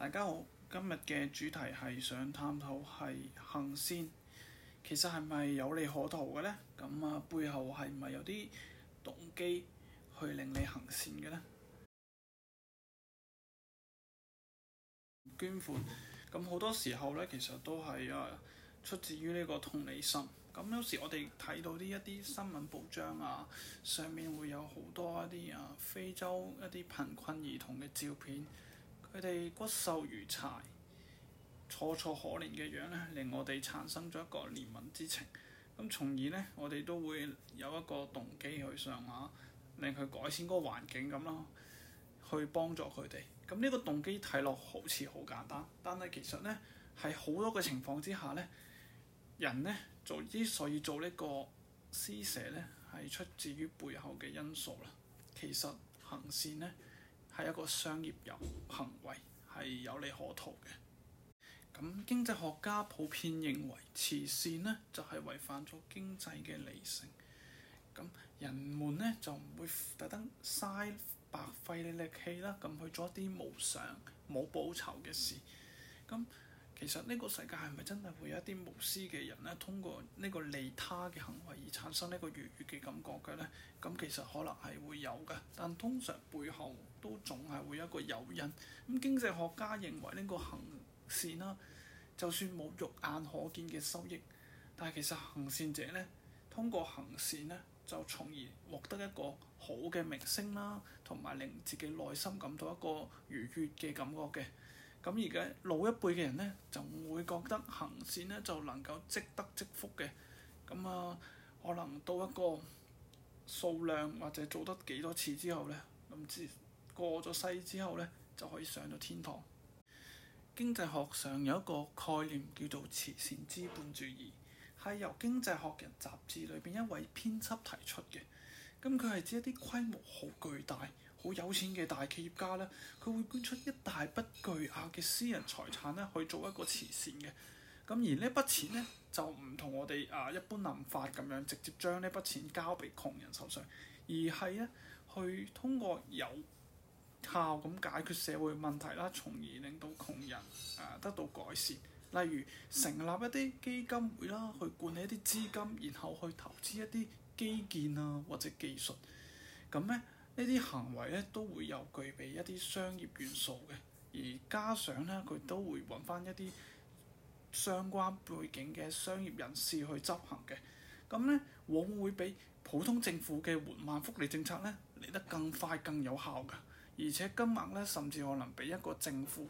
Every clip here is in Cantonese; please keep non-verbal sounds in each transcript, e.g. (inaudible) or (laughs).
大家好，今日嘅主題係想探討係行善，其實係咪有利可圖嘅呢？咁啊，背後係咪有啲動機去令你行善嘅呢？ (noise) 捐款，咁好多時候呢，其實都係啊出自於呢個同理心。咁有時我哋睇到啲一啲新聞報章啊，上面會有好多一啲啊非洲一啲貧困兒童嘅照片。佢哋骨瘦如柴、楚楚可憐嘅樣咧，令我哋產生咗一個憐憫之情。咁從而咧，我哋都會有一個動機去上下，令佢改善嗰個環境咁咯，去幫助佢哋。咁呢個動機睇落好似好簡單，但係其實咧喺好多嘅情況之下咧，人咧做之所以做個呢個施捨咧，係出自於背後嘅因素啦。其實行善咧，係一個商業有行為，係有利可圖嘅。咁經濟學家普遍認為，慈善呢就係、是、違反咗經濟嘅理性。咁人們呢就唔會特登嘥白費你力氣啦，咁去做一啲無償冇報酬嘅事。咁其實呢個世界係咪真係會有一啲無私嘅人咧，通過呢個利他嘅行為而產生呢個愉悅嘅感覺嘅咧？咁其實可能係會有嘅，但通常背後都總係會有一個誘因。咁經濟學家認為呢個行善啦，就算冇肉眼可見嘅收益，但係其實行善者咧，通過行善咧，就從而獲得一個好嘅名聲啦，同埋令自己內心感到一個愉悅嘅感覺嘅。咁而家老一輩嘅人呢，就會覺得行善呢，就能夠積德積福嘅。咁啊，可能到一個數量或者做得幾多次之後呢，咁知過咗世之後呢，就可以上到天堂。 (noise) 經濟學上有一個概念叫做慈善資本主義，係由經濟學人雜誌裏邊一位編輯提出嘅。咁佢係指一啲規模好巨大，好有錢嘅大企業家咧，佢會捐出一大筆巨額嘅私人財產咧，去做一個慈善嘅。咁而呢一筆錢咧，就唔同我哋啊一般諗法咁樣，直接將呢筆錢交俾窮人手上，而係咧去通過有效咁解決社會問題啦，從而令到窮人誒、啊、得到改善。例如成立一啲基金會啦，去管理一啲資金，然後去投資一啲基建啊或者技術。咁咧～呢啲行為咧都會有具備一啲商業元素嘅，而加上咧佢都會搵返一啲相關背景嘅商業人士去執行嘅，咁咧往往會比普通政府嘅緩慢福利政策咧嚟得更快更有效㗎，而且金額咧甚至可能比一個政府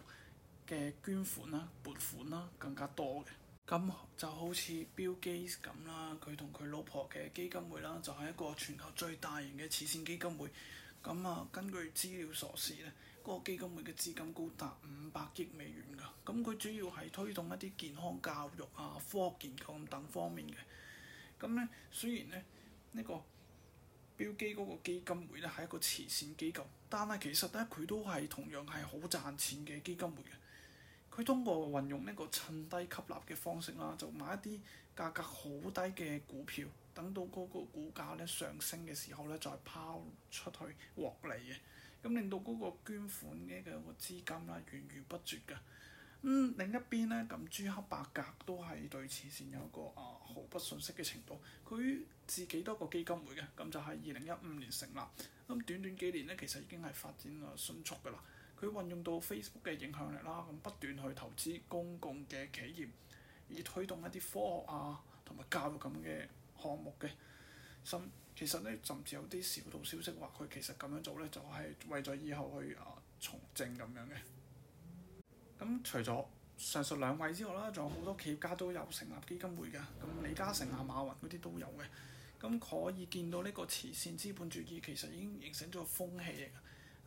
嘅捐款啦撥款啦更加多嘅。咁就好似 Bill Gates 咁啦，佢同佢老婆嘅基金會啦，就係、是、一個全球最大型嘅慈善基金會。咁啊，根據資料所示咧，嗰、那個基金會嘅資金高達五百億美元㗎。咁佢主要係推動一啲健康教育啊、科學研究等，等方面嘅。咁咧，雖然咧呢、這個 Bill Gates 嗰個基金會咧係一個慈善機構，但係其實咧佢都係同樣係好賺錢嘅基金會嘅。佢通過運用呢個趁低吸納嘅方式啦、啊，就買一啲價格好低嘅股票，等到嗰個股價咧上升嘅時候咧，再拋出去獲利嘅，咁令到嗰個捐款嘅嘅個資金啦，源源不絕噶。嗯，另一邊咧，咁朱克伯格都係對慈善有一個啊、呃、毫不遜色嘅程度。佢自己多個基金會嘅，咁就喺二零一五年成立，咁短短幾年咧，其實已經係發展啊迅速噶啦。佢運用到 Facebook 嘅影響力啦，咁不斷去投資公共嘅企業，而推動一啲科學啊同埋教育咁嘅項目嘅。甚其實咧，甚至有啲小道消息話佢其實咁樣做咧，就係為咗以後去啊從政咁樣嘅。咁除咗上述兩位之外啦，仲有好多企業家都有成立基金會嘅。咁李嘉誠啊、馬雲嗰啲都有嘅。咁可以見到呢個慈善資本主義其實已經形成咗個風氣嚟㗎。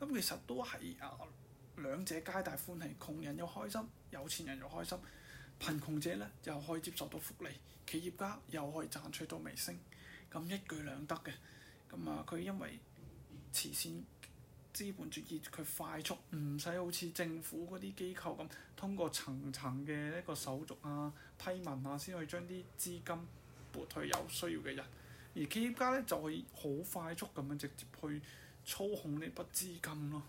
咁其實都係啊～兩者皆大歡喜，窮人又開心，有錢人又開心，貧窮者咧又可以接受到福利，企業家又可以賺取到名聲，咁一舉兩得嘅。咁啊，佢因為慈善資本主義，佢快速，唔使好似政府嗰啲機構咁，通過層層嘅一個手續啊、批文啊，先去將啲資金撥去有需要嘅人，而企業家咧就可以好快速咁樣直接去操控呢筆資金咯。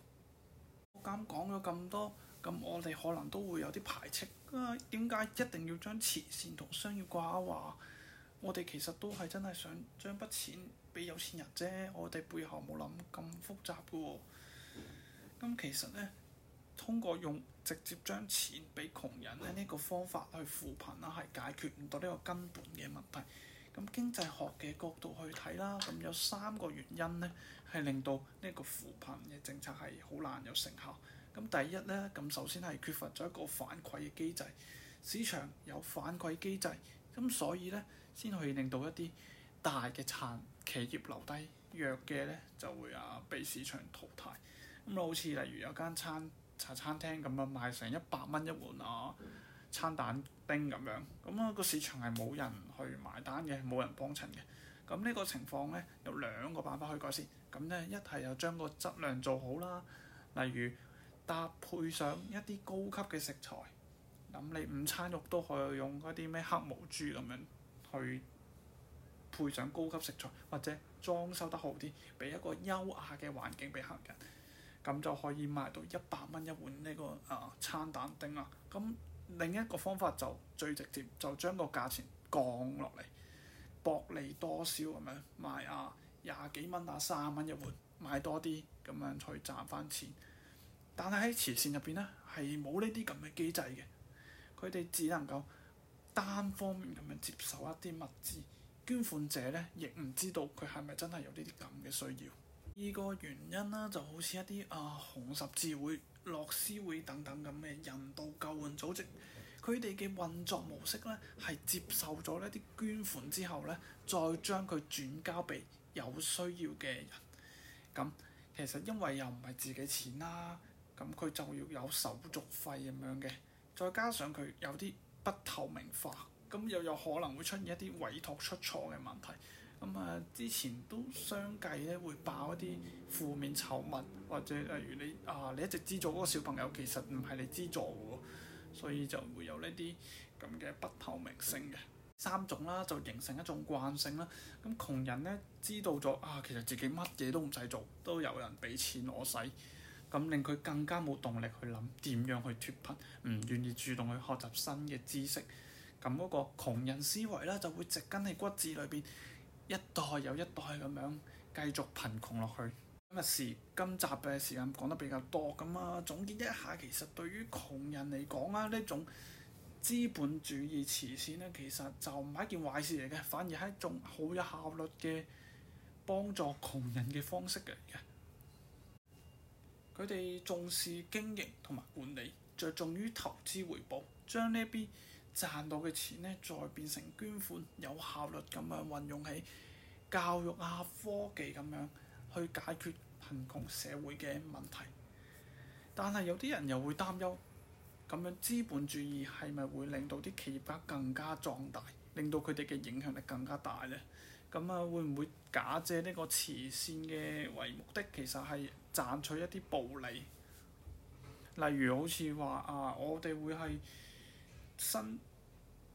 啱講咗咁多，咁我哋可能都會有啲排斥啊？點解一定要將慈善同商業掛鈎？我哋其實都係真係想將筆錢俾有錢人啫，我哋背後冇諗咁複雜嘅喎、哦。咁其實呢，通過用直接將錢俾窮人咧呢、這個方法去扶貧，啦，係解決唔到呢個根本嘅問題。咁經濟學嘅角度去睇啦，咁有三個原因咧，係令到呢個扶貧嘅政策係好難有成效。咁第一咧，咁首先係缺乏咗一個反饋嘅機制，市場有反饋機制，咁所以咧先可以令到一啲大嘅殘企業留低，弱嘅咧就會啊被市場淘汰。咁好似例如有間餐茶餐廳咁啊，賣成一百蚊一碗啊～餐蛋丁咁樣，咁、那、啊個市場係冇人去埋單嘅，冇人幫襯嘅。咁呢個情況咧，有兩個辦法可以改善。咁咧，一係就將個質量做好啦，例如搭配上一啲高級嘅食材。咁你午餐肉都可以用嗰啲咩黑毛豬咁樣去配上高級食材，或者裝修得好啲，俾一個優雅嘅環境俾客人，咁就可以賣到一百蚊一碗呢，這個啊餐蛋丁啦。咁另一個方法就最直接，就將個價錢降落嚟，薄利多銷咁樣賣啊廿幾蚊卅蚊一碗，買多啲咁樣去賺翻錢。但係喺慈善入邊咧，係冇呢啲咁嘅機制嘅，佢哋只能夠單方面咁樣接受一啲物資，捐款者咧亦唔知道佢係咪真係有呢啲咁嘅需要。呢個原因啦，就好似一啲啊紅十字會、樂施會等等咁嘅人道救援組織，佢哋嘅運作模式咧係接受咗呢啲捐款之後咧，再將佢轉交俾有需要嘅人。咁其實因為又唔係自己錢啦，啊，咁佢就要有手續費咁樣嘅，再加上佢有啲不透明化，咁又有可能會出現一啲委託出錯嘅問題。咁啊！之前都相繼咧會爆一啲負面醜聞，或者例如你啊，你一直資助嗰個小朋友其實唔係你資助嘅喎，所以就會有呢啲咁嘅不透明性嘅三種啦，就形成一種慣性啦。咁窮人咧知道咗啊，其實自己乜嘢都唔使做，都有人俾錢我使，咁令佢更加冇動力去諗點樣去脫貧，唔願意主動去學習新嘅知識，咁嗰個窮人思維咧就會植根喺骨子裏邊。一代又一代咁樣繼續貧窮落去。今日時今集嘅時間講得比較多咁啊，總結一下，其實對於窮人嚟講啊，呢種資本主義慈善呢，其實就唔係一件壞事嚟嘅，反而係一種好有效率嘅幫助窮人嘅方式嚟嘅。佢哋 (laughs) 重視經營同埋管理，着重於投資回報，將呢啲，賺到嘅錢呢，再變成捐款，有效率咁樣運用喺教育啊、科技咁樣去解決貧窮社會嘅問題。但係有啲人又會擔憂，咁樣資本主義係咪會令到啲企業家更加壯大，令到佢哋嘅影響力更加大呢？咁啊，會唔會假借呢個慈善嘅為目的，其實係賺取一啲暴利？例如好似話啊，我哋會係。新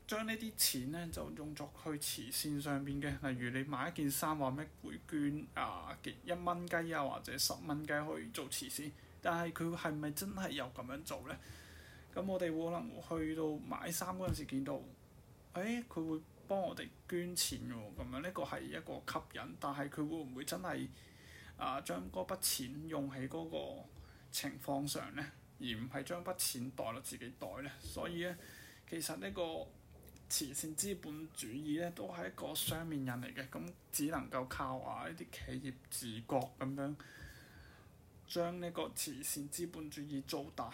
將呢啲錢咧就用作去慈善上邊嘅，例如你買一件衫話咩會捐啊幾一蚊雞啊或者十蚊雞去做慈善，但係佢係咪真係有咁樣做咧？咁我哋可能去到買衫嗰陣時見到，誒、哎、佢會幫我哋捐錢喎，咁樣呢個係一個吸引，但係佢會唔會真係啊將嗰筆錢用喺嗰個情況上咧，而唔係將筆錢袋落自己袋咧？所以咧。其實呢個慈善資本主義咧，都係一個雙面人嚟嘅，咁只能夠靠啊呢啲企業自覺咁樣將呢個慈善資本主義做大。